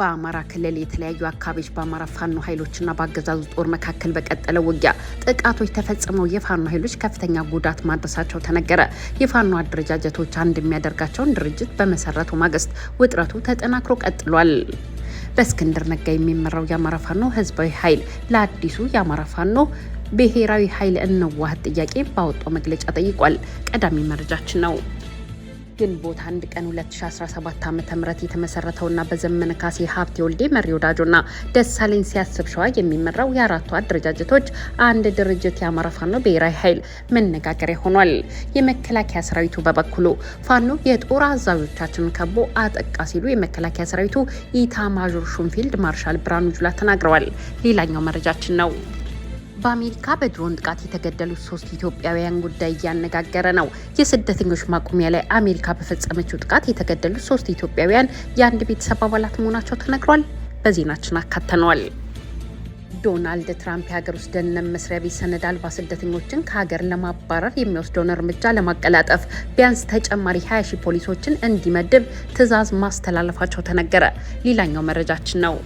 በአማራ ክልል የተለያዩ አካባቢዎች በአማራ ፋኖ ኃይሎችና በአገዛዙ ጦር መካከል በቀጠለ ውጊያ ጥቃቶች ተፈጽመው የፋኖ ኃይሎች ከፍተኛ ጉዳት ማድረሳቸው ተነገረ። የፋኖ አደረጃጀቶች አንድ የሚያደርጋቸውን ድርጅት በመሰረቱ ማግስት ውጥረቱ ተጠናክሮ ቀጥሏል። በእስክንድር ነጋ የሚመራው የአማራ ፋኖ ህዝባዊ ኃይል ለአዲሱ የአማራ ፋኖ ብሔራዊ ኃይል እንዋሃድ ጥያቄ ባወጣው መግለጫ ጠይቋል። ቀዳሚ መረጃችን ነው። ግንቦት አንድ ቀን 2017 ዓ ም የተመሰረተውና በዘመነ ካሴ ሀብቴ ወልዴ መሪ ወዳጆና ደሳለኝ ሲያስብ ሸዋ የሚመራው የአራቱ አደረጃጀቶች አንድ ድርጅት የአማራ ፋኖ ብሔራዊ ኃይል መነጋገሪያ ሆኗል። የመከላከያ ሰራዊቱ በበኩሉ ፋኖ የጦር አዛዦቻችን ከቦ አጠቃ ሲሉ የመከላከያ ሰራዊቱ ኢታ ማዦር ፊልድ ማርሻል ብርሃኑ ጁላ ተናግረዋል። ሌላኛው መረጃችን ነው። በአሜሪካ በድሮን ጥቃት የተገደሉት ሶስት ኢትዮጵያውያን ጉዳይ እያነጋገረ ነው። የስደተኞች ማቆሚያ ላይ አሜሪካ በፈጸመችው ጥቃት የተገደሉት ሶስት ኢትዮጵያውያን የአንድ ቤተሰብ አባላት መሆናቸው ተነግሯል። በዜናችን አካተነዋል። ዶናልድ ትራምፕ የሀገር ውስጥ ደህንነት መስሪያ ቤት ሰነድ አልባ ስደተኞችን ከሀገር ለማባረር የሚወስደውን እርምጃ ለማቀላጠፍ ቢያንስ ተጨማሪ 20 ሺ ፖሊሶችን እንዲመድብ ትዕዛዝ ማስተላለፋቸው ተነገረ። ሌላኛው መረጃችን ነው።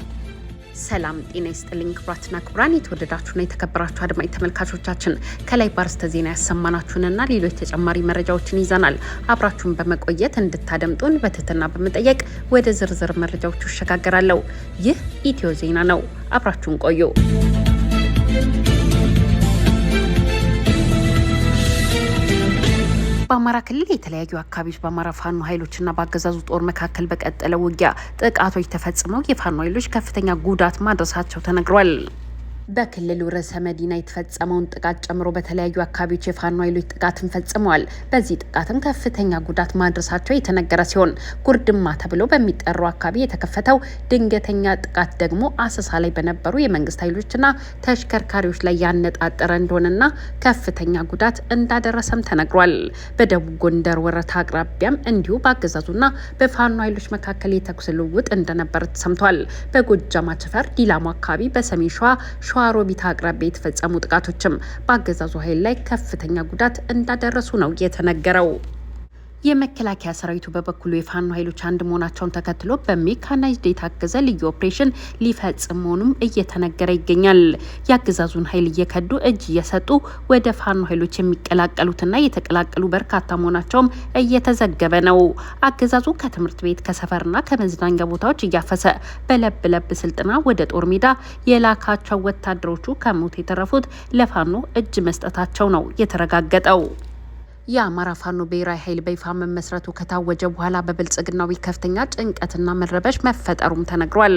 ሰላም ጤና ይስጥልኝ ክቡራትና ክቡራን የተወደዳችሁና የተከበራችሁ አድማጭ ተመልካቾቻችን ከላይ ባርስተ ዜና ያሰማናችሁንና ሌሎች ተጨማሪ መረጃዎችን ይዘናል። አብራችሁን በመቆየት እንድታደምጡን በትህትና በመጠየቅ ወደ ዝርዝር መረጃዎቹ እሸጋገራለሁ። ይህ ኢትዮ ዜና ነው። አብራችሁን ቆዩ። በአማራ ክልል የተለያዩ አካባቢዎች በአማራ ፋኖ ኃይሎችና በአገዛዙ ጦር መካከል በቀጠለ ውጊያ ጥቃቶች ተፈጽመው የፋኖ ኃይሎች ከፍተኛ ጉዳት ማድረሳቸው ተነግሯል። በክልሉ ርዕሰ መዲና የተፈጸመውን ጥቃት ጨምሮ በተለያዩ አካባቢዎች የፋኖ ኃይሎች ጥቃትን ፈጽመዋል። በዚህ ጥቃትም ከፍተኛ ጉዳት ማድረሳቸው የተነገረ ሲሆን ጉርድማ ተብሎ በሚጠራው አካባቢ የተከፈተው ድንገተኛ ጥቃት ደግሞ አሰሳ ላይ በነበሩ የመንግስት ኃይሎችና ተሽከርካሪዎች ላይ ያነጣጠረ እንደሆነና ከፍተኛ ጉዳት እንዳደረሰም ተነግሯል። በደቡብ ጎንደር ወረታ አቅራቢያም እንዲሁ በአገዛዙና በፋኖ ኃይሎች መካከል የተኩስ ልውውጥ እንደነበር ተሰምቷል። በጎጃም አቸፈር ዲላሞ አካባቢ በሰሜን ሸዋ በሮቢት አቅራቢያ የተፈጸሙ ጥቃቶችም በአገዛዙ ኃይል ላይ ከፍተኛ ጉዳት እንዳደረሱ ነው የተነገረው። የመከላከያ ሰራዊቱ በበኩሉ የፋኖ ኃይሎች አንድ መሆናቸውን ተከትሎ በሜካናይዝድ የታገዘ ልዩ ኦፕሬሽን ሊፈጽም መሆኑም እየተነገረ ይገኛል። የአገዛዙን ኃይል እየከዱ እጅ እየሰጡ ወደ ፋኖ ኃይሎች የሚቀላቀሉትና የተቀላቀሉ በርካታ መሆናቸውም እየተዘገበ ነው። አገዛዙ ከትምህርት ቤት ከሰፈርና ከመዝናኛ ቦታዎች እያፈሰ በለብለብ ስልጠና ወደ ጦር ሜዳ የላካቸው ወታደሮቹ ከሞት የተረፉት ለፋኖ እጅ መስጠታቸው ነው የተረጋገጠው። የአማራ ፋኖ ብሔራዊ ኃይል በይፋ መመስረቱ ከታወጀ በኋላ በብልጽግናው ከፍተኛ ጭንቀትና መረበሽ መፈጠሩም ተነግሯል።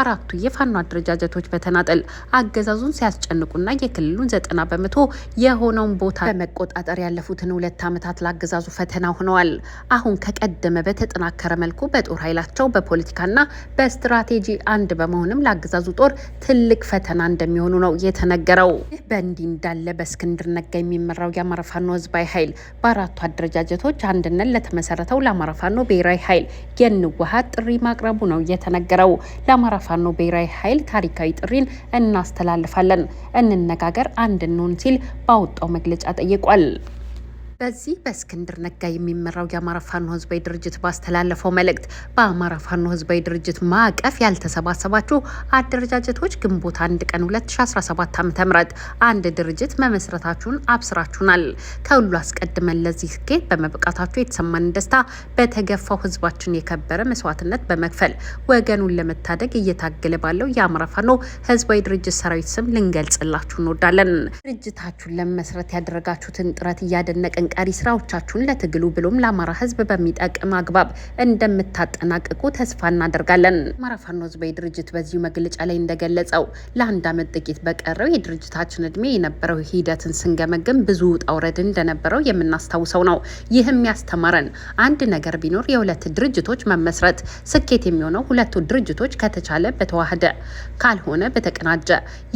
አራቱ የፋኖ አደረጃጀቶች በተናጠል አገዛዙን ሲያስጨንቁና የክልሉን ዘጠና በመቶ የሆነውን ቦታ በመቆጣጠር ያለፉትን ሁለት ዓመታት ለአገዛዙ ፈተና ሆነዋል። አሁን ከቀደመ በተጠናከረ መልኩ በጦር ኃይላቸው በፖለቲካና በስትራቴጂ አንድ በመሆንም ለአገዛዙ ጦር ትልቅ ፈተና እንደሚሆኑ ነው የተነገረው። ይህ በእንዲህ እንዳለ በእስክንድር ነጋ የሚመራው የአማራ ፋኖ ህዝባዊ ኃይል በአራቱ አደረጃጀቶች አንድነት ለተመሰረተው ለአማራ ፋኖ ብሔራዊ ኃይል የንዋሃት ጥሪ ማቅረቡ ነው የተነገረው። ለአማራ ፋኖ ብሔራዊ ኃይል ታሪካዊ ጥሪን እናስተላልፋለን፣ እንነጋገር፣ አንድ እንሆን ሲል ባወጣው መግለጫ ጠይቋል። በዚህ በእስክንድር ነጋ የሚመራው የአማራ ፋኖ ህዝባዊ ድርጅት ባስተላለፈው መልእክት በአማራ ፋኖ ህዝባዊ ድርጅት ማዕቀፍ ያልተሰባሰባችሁ አደረጃጀቶች ግንቦት አንድ ቀን 2017 ዓ ም አንድ ድርጅት መመስረታችሁን አብስራችሁናል። ከሁሉ አስቀድመን ለዚህ ስኬት በመብቃታችሁ የተሰማን ደስታ በተገፋው ህዝባችን የከበረ መስዋዕትነት በመክፈል ወገኑን ለመታደግ እየታገለ ባለው የአማራ ፋኖ ህዝባዊ ድርጅት ሰራዊት ስም ልንገልጽላችሁ እንወዳለን። ድርጅታችሁን ለመመስረት ያደረጋችሁትን ጥረት እያደነቅን ቀሪ ስራዎቻችሁን ለትግሉ ብሎም ለአማራ ህዝብ በሚጠቅም አግባብ እንደምታጠናቅቁ ተስፋ እናደርጋለን። አማራ ፋኖ ህዝባዊ ድርጅት በዚሁ መግለጫ ላይ እንደገለጸው ለአንድ ዓመት ጥቂት በቀረው የድርጅታችን እድሜ የነበረው ሂደትን ስንገመግም ብዙ ውጣ ውረድ እንደነበረው የምናስታውሰው ነው። ይህም ያስተማረን አንድ ነገር ቢኖር የሁለት ድርጅቶች መመስረት ስኬት የሚሆነው ሁለቱ ድርጅቶች ከተቻለ በተዋህደ ካልሆነ በተቀናጀ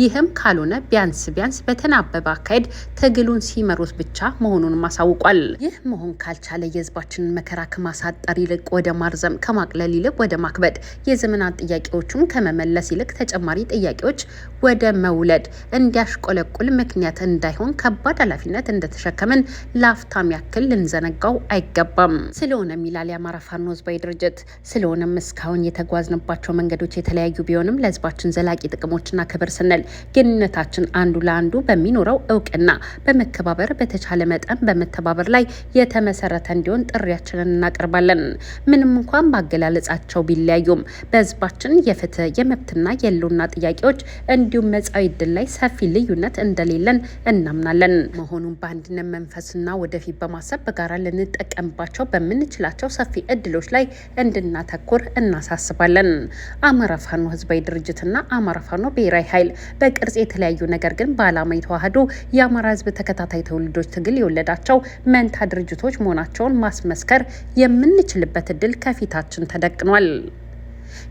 ይህም ካልሆነ ቢያንስ ቢያንስ በተናበበ አካሄድ ትግሉን ሲመሩት ብቻ መሆኑን ማሳወ ታውቋል። ይህ መሆን ካልቻለ የህዝባችንን መከራ ከማሳጠር ይልቅ ወደ ማርዘም ከማቅለል ይልቅ ወደ ማክበድ የዘመናት ጥያቄዎቹን ከመመለስ ይልቅ ተጨማሪ ጥያቄዎች ወደ መውለድ እንዲያሽቆለቁል ምክንያት እንዳይሆን ከባድ ኃላፊነት እንደተሸከምን ለአፍታም ያክል ልንዘነጋው አይገባም። ስለሆነም ይላል የአማራ ፋኖ ህዝባዊ ድርጅት፣ ስለሆነም እስካሁን የተጓዝንባቸው መንገዶች የተለያዩ ቢሆንም ለህዝባችን ዘላቂ ጥቅሞችና ክብር ስንል ግንኙነታችን አንዱ ለአንዱ በሚኖረው እውቅና በመከባበር በተቻለ መጠን በመ መተባበር ላይ የተመሰረተ እንዲሆን ጥሪያችንን እናቀርባለን። ምንም እንኳን በአገላለጻቸው ቢለያዩም በህዝባችን የፍትህ የመብትና የህልውና ጥያቄዎች እንዲሁም መጻዊ ዕድል ላይ ሰፊ ልዩነት እንደሌለን እናምናለን። መሆኑን በአንድነት መንፈስና ወደፊት በማሰብ በጋራ ልንጠቀምባቸው በምንችላቸው ሰፊ እድሎች ላይ እንድናተኩር እናሳስባለን። አማራ ፋኖ ህዝባዊ ድርጅትና አማራ ፋኖ ብሔራዊ ኃይል በቅርጽ የተለያዩ ነገር ግን በዓላማ የተዋህዶ የአማራ ህዝብ ተከታታይ ትውልዶች ትግል የወለዳቸው ያላቸው መንታ ድርጅቶች መሆናቸውን ማስመስከር የምንችልበት እድል ከፊታችን ተደቅኗል።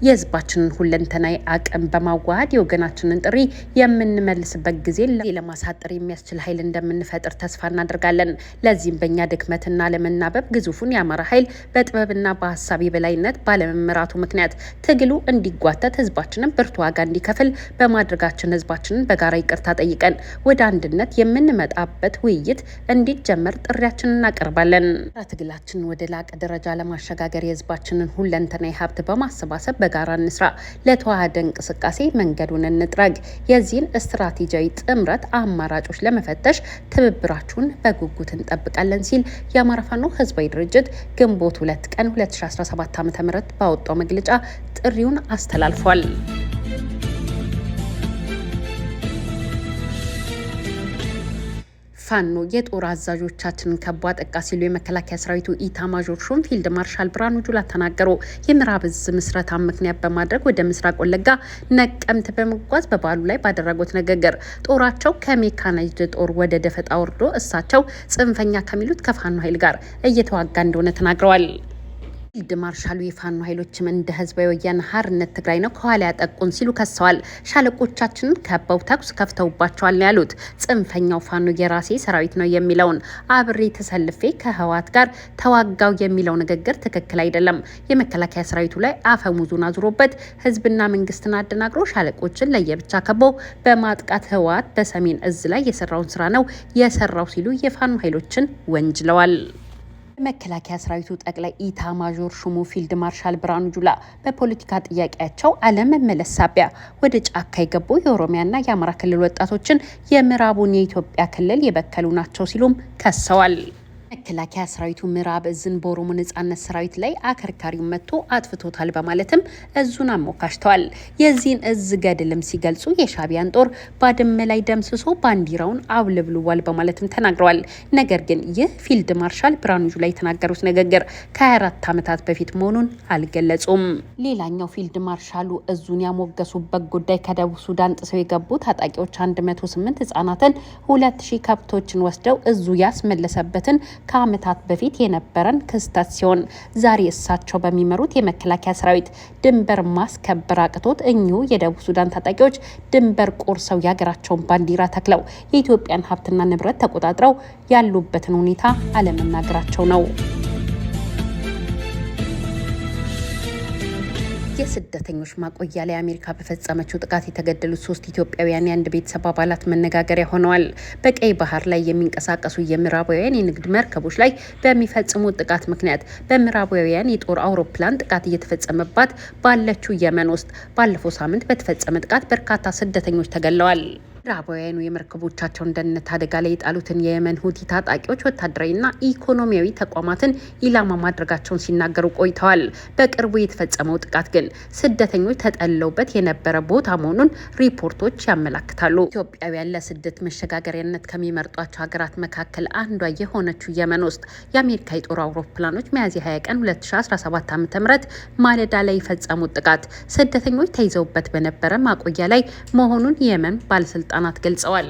የህዝባችንን ሁለንተናዊ አቅም በማዋሃድ የወገናችንን ጥሪ የምንመልስበት ጊዜ ለማሳጠር የሚያስችል ኃይል እንደምንፈጥር ተስፋ እናደርጋለን። ለዚህም በእኛ ድክመትና ለመናበብ ግዙፉን የአማራ ኃይል በጥበብና በሀሳብ የበላይነት ባለመምራቱ ምክንያት ትግሉ እንዲጓተት ህዝባችንን ብርቱ ዋጋ እንዲከፍል በማድረጋችን ህዝባችንን በጋራ ይቅርታ ጠይቀን ወደ አንድነት የምንመጣበት ውይይት እንዲጀመር ጥሪያችንን እናቀርባለን። ትግላችንን ወደ ላቀ ደረጃ ለማሸጋገር የህዝባችንን ሁለንተናዊ ሀብት በማሰባሰብ በጋራ እንስራ፣ ለተዋሃደ እንቅስቃሴ መንገዱን እንጥረግ። የዚህን ስትራቴጂያዊ ጥምረት አማራጮች ለመፈተሽ ትብብራችሁን በጉጉት እንጠብቃለን ሲል የአማራ ፋኖ ህዝባዊ ድርጅት ግንቦት ሁለት ቀን 2017 ዓ ም ባወጣው መግለጫ ጥሪውን አስተላልፏል። ፋኖ የጦር አዛዦቻችንን ከቦ አጠቃ ሲሉ የመከላከያ ሰራዊቱ ኢታማዦር ሹም ፊልድ ማርሻል ብርሃኑ ጁላ ተናገሩ። የምዕራብ እዝ ምስረታ ምክንያት በማድረግ ወደ ምስራቅ ወለጋ ነቀምት በመጓዝ በበዓሉ ላይ ባደረጉት ንግግር ጦራቸው ከሜካናይዝድ ጦር ወደ ደፈጣ ወርዶ እሳቸው ጽንፈኛ ከሚሉት ከፋኖ ኃይል ጋር እየተዋጋ እንደሆነ ተናግረዋል። ፊልድ ማርሻሉ የፋኖ ኃይሎችም እንደ ህዝባዊ ወያነ ሓርነት ትግራይ ነው ከኋላ ያጠቁን ሲሉ ከሰዋል። ሻለቆቻችንን ከበው ተኩስ ከፍተውባቸዋል ነው ያሉት። ጽንፈኛው ፋኖ የራሴ ሰራዊት ነው የሚለውን አብሬ ተሰልፌ ከህወሓት ጋር ተዋጋው የሚለው ንግግር ትክክል አይደለም። የመከላከያ ሰራዊቱ ላይ አፈሙዙን አዙሮበት ህዝብና መንግስትን አደናግሮ ሻለቆችን ለየብቻ ከቦ በማጥቃት ህወሓት በሰሜን እዝ ላይ የሰራውን ስራ ነው የሰራው ሲሉ የፋኖ ኃይሎችን ወንጅለዋል። የመከላከያ ሰራዊቱ ጠቅላይ ኢታማዦር ሹሙ ፊልድ ማርሻል ብርሃኑ ጁላ በፖለቲካ ጥያቄያቸው አለመመለስ ሳቢያ ወደ ጫካ የገቡ የኦሮሚያና የአማራ ክልል ወጣቶችን የምዕራቡን የኢትዮጵያ ክልል የበከሉ ናቸው ሲሉም ከሰዋል። መከላከያ ሰራዊቱ ምዕራብ እዝን በኦሮሞ ነጻነት ሰራዊት ላይ አከርካሪውን መጥቶ አጥፍቶታል በማለትም እዙን አሞካሽተዋል። የዚህን እዝ ገድልም ሲገልጹ የሻቢያን ጦር ባድመ ላይ ደምስሶ ባንዲራውን አውለብልዋል በማለትም ተናግረዋል። ነገር ግን ይህ ፊልድ ማርሻል ብርሃኑ ጁላ የተናገሩት ንግግር ከ24 ዓመታት በፊት መሆኑን አልገለጹም። ሌላኛው ፊልድ ማርሻሉ እዙን ያሞገሱበት ጉዳይ ከደቡብ ሱዳን ጥሰው የገቡ ታጣቂዎች 108 ህጻናትን፣ 2000 ከብቶችን ወስደው እዙ ያስመለሰበትን ከዓመታት በፊት የነበረን ክስተት ሲሆን ዛሬ እሳቸው በሚመሩት የመከላከያ ሰራዊት ድንበር ማስከበር አቅቶት እኚሁ የደቡብ ሱዳን ታጣቂዎች ድንበር ቆርሰው የሀገራቸውን ባንዲራ ተክለው የኢትዮጵያን ሀብትና ንብረት ተቆጣጥረው ያሉበትን ሁኔታ አለመናገራቸው ነው። የስደተኞች ማቆያ ላይ አሜሪካ በፈጸመችው ጥቃት የተገደሉት ሶስት ኢትዮጵያውያን የአንድ ቤተሰብ አባላት መነጋገሪያ ሆነዋል። በቀይ ባህር ላይ የሚንቀሳቀሱ የምዕራባውያን የንግድ መርከቦች ላይ በሚፈጽሙ ጥቃት ምክንያት በምዕራባውያን የጦር አውሮፕላን ጥቃት እየተፈጸመባት ባለችው የመን ውስጥ ባለፈው ሳምንት በተፈጸመ ጥቃት በርካታ ስደተኞች ተገለዋል። ምዕራባውያኑ የመርከቦቻቸውን ደህንነት አደጋ ላይ የጣሉትን የየመን ሁቲ ታጣቂዎች ወታደራዊና ኢኮኖሚያዊ ተቋማትን ኢላማ ማድረጋቸውን ሲናገሩ ቆይተዋል። በቅርቡ የተፈጸመው ጥቃት ግን ስደተኞች ተጠለውበት የነበረ ቦታ መሆኑን ሪፖርቶች ያመላክታሉ። ኢትዮጵያውያን ለስደት መሸጋገሪያነት ከሚመርጧቸው ሀገራት መካከል አንዷ የሆነችው የመን ውስጥ የአሜሪካ የጦር አውሮፕላኖች ሚያዝያ 20 ቀን 2017 ዓ ም ማለዳ ላይ የፈጸሙት ጥቃት ስደተኞች ተይዘውበት በነበረ ማቆያ ላይ መሆኑን የመን ባለስልጣ ባለስልጣናት ገልጸዋል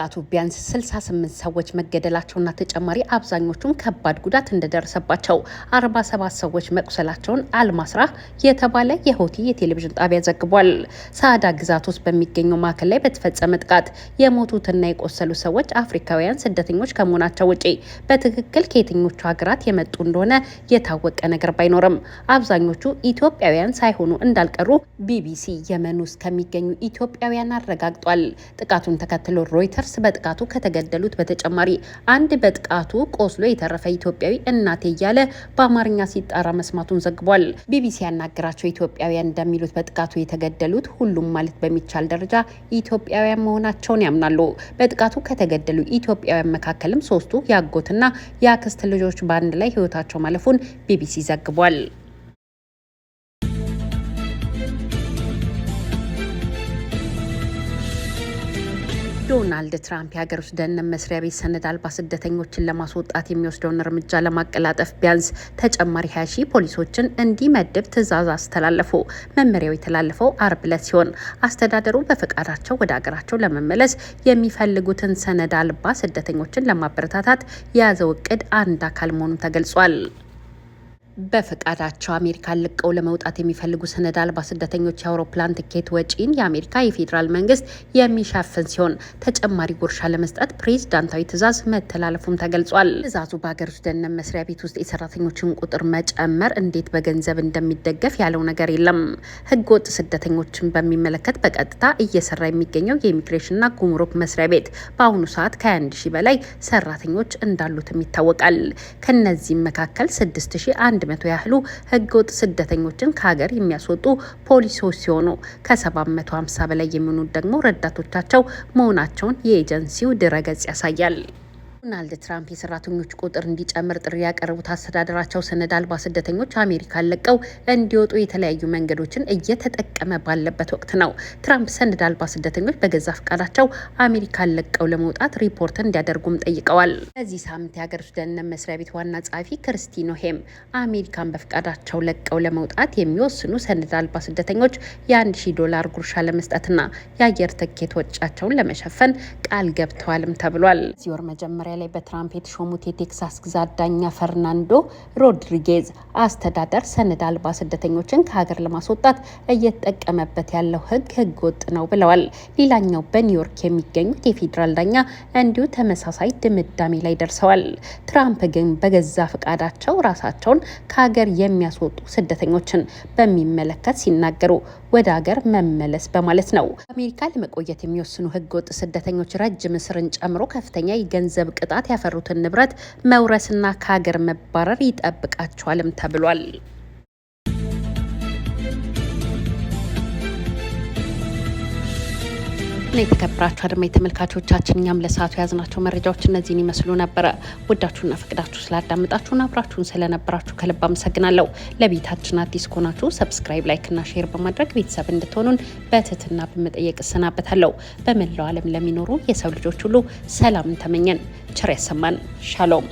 በጥቃቱ ቢያንስ 68 ሰዎች መገደላቸውና ተጨማሪ አብዛኞቹም ከባድ ጉዳት እንደደረሰባቸው 47 ሰዎች መቁሰላቸውን አልማስራ የተባለ የሆቲ የቴሌቪዥን ጣቢያ ዘግቧል። ሳዳ ግዛት ውስጥ በሚገኘው ማዕከል ላይ በተፈጸመ ጥቃት የሞቱትና የቆሰሉ ሰዎች አፍሪካውያን ስደተኞች ከመሆናቸው ውጪ በትክክል ከየትኞቹ ሀገራት የመጡ እንደሆነ የታወቀ ነገር ባይኖርም አብዛኞቹ ኢትዮጵያውያን ሳይሆኑ እንዳልቀሩ ቢቢሲ የመን ውስጥ ከሚገኙ ኢትዮጵያውያን አረጋግጧል። ጥቃቱን ተከትሎ ሮይተርስ ሲደርስ በጥቃቱ ከተገደሉት በተጨማሪ አንድ በጥቃቱ ቆስሎ የተረፈ ኢትዮጵያዊ እናቴ እያለ በአማርኛ ሲጣራ መስማቱን ዘግቧል። ቢቢሲ ያናገራቸው ኢትዮጵያውያን እንደሚሉት በጥቃቱ የተገደሉት ሁሉም ማለት በሚቻል ደረጃ ኢትዮጵያውያን መሆናቸውን ያምናሉ። በጥቃቱ ከተገደሉ ኢትዮጵያውያን መካከልም ሶስቱ የአጎትና የአክስት ልጆች በአንድ ላይ ህይወታቸው ማለፉን ቢቢሲ ዘግቧል። ዶናልድ ትራምፕ የሀገር ውስጥ ደህንነት መስሪያ ቤት ሰነድ አልባ ስደተኞችን ለማስወጣት የሚወስደውን እርምጃ ለማቀላጠፍ ቢያንስ ተጨማሪ ሀያ ሺህ ፖሊሶችን እንዲመድብ ትዕዛዝ አስተላለፉ። መመሪያው የተላለፈው አርብ ዕለት ሲሆን አስተዳደሩ በፈቃዳቸው ወደ ሀገራቸው ለመመለስ የሚፈልጉትን ሰነድ አልባ ስደተኞችን ለማበረታታት የያዘው እቅድ አንድ አካል መሆኑን ተገልጿል። በፈቃዳቸው አሜሪካን ልቀው ለመውጣት የሚፈልጉ ሰነድ አልባ ስደተኞች የአውሮፕላን ትኬት ወጪን የአሜሪካ የፌዴራል መንግስት የሚሸፍን ሲሆን ተጨማሪ ጉርሻ ለመስጠት ፕሬዝዳንታዊ ትዕዛዝ መተላለፉም ተገልጿል። ትዕዛዙ በሀገር ውስጥ ደህንነት መስሪያ ቤት ውስጥ የሰራተኞችን ቁጥር መጨመር እንዴት በገንዘብ እንደሚደገፍ ያለው ነገር የለም። ህገወጥ ስደተኞችን በሚመለከት በቀጥታ እየሰራ የሚገኘው የኢሚግሬሽንና ጉምሩክ መስሪያ ቤት በአሁኑ ሰዓት ከ21 ሺ በላይ ሰራተኞች እንዳሉትም ይታወቃል። ከነዚህም መካከል 6100 መቶ ያህሉ ህገወጥ ስደተኞችን ከሀገር የሚያስወጡ ፖሊሶች ሲሆኑ ከ750 በላይ የሚሆኑት ደግሞ ረዳቶቻቸው መሆናቸውን የኤጀንሲው ድረገጽ ያሳያል። ዶናልድ ትራምፕ የሰራተኞች ቁጥር እንዲጨምር ጥሪ ያቀረቡት አስተዳደራቸው ሰነድ አልባ ስደተኞች አሜሪካን ለቀው እንዲወጡ የተለያዩ መንገዶችን እየተጠቀመ ባለበት ወቅት ነው። ትራምፕ ሰነድ አልባ ስደተኞች በገዛ ፈቃዳቸው አሜሪካን ለቀው ለመውጣት ሪፖርት እንዲያደርጉም ጠይቀዋል። በዚህ ሳምንት የሀገር ውስጥ ደህንነት መስሪያ ቤት ዋና ጸሐፊ ክርስቲ ኖሄም አሜሪካን በፈቃዳቸው ለቀው ለመውጣት የሚወስኑ ሰነድ አልባ ስደተኞች የ1000 ዶላር ጉርሻ ለመስጠትና የአየር ትኬት ወጫቸውን ለመሸፈን ቃል ገብተዋልም ተብሏል። ሲወር መጀመሪያ መጀመሪያ ላይ በትራምፕ የተሾሙት የቴክሳስ ግዛት ዳኛ ፈርናንዶ ሮድሪጌዝ አስተዳደር ሰነድ አልባ ስደተኞችን ከሀገር ለማስወጣት እየተጠቀመበት ያለው ህግ ህግ ወጥ ነው ብለዋል። ሌላኛው በኒውዮርክ የሚገኙት የፌዴራል ዳኛ እንዲሁ ተመሳሳይ ድምዳሜ ላይ ደርሰዋል። ትራምፕ ግን በገዛ ፈቃዳቸው ራሳቸውን ከሀገር የሚያስወጡ ስደተኞችን በሚመለከት ሲናገሩ ወደ ሀገር መመለስ በማለት ነው። አሜሪካ ለመቆየት የሚወስኑ ህገወጥ ስደተኞች ረጅም እስርን ጨምሮ ከፍተኛ የገንዘብ ቅጣት ያፈሩትን ንብረት መውረስና ከሀገር መባረር ይጠብቃቸዋልም ተብሏል። እና የተከበራችሁ አድማ የተመልካቾቻችን እኛም ለሰዓቱ የያዝናቸው መረጃዎች እነዚህን ይመስሉ ነበረ። ወዳችሁና ፈቅዳችሁ ስላዳመጣችሁን አብራችሁን ስለነበራችሁ ከልብ አመሰግናለሁ። ለቤታችን አዲስ ከሆናችሁ ሰብስክራይብ፣ ላይክና ሼር በማድረግ ቤተሰብ እንድትሆኑን በትህትና በመጠየቅ እሰናበታለሁ። በመላው ዓለም ለሚኖሩ የሰው ልጆች ሁሉ ሰላምን ተመኘን። ቸር ያሰማን። ሻሎም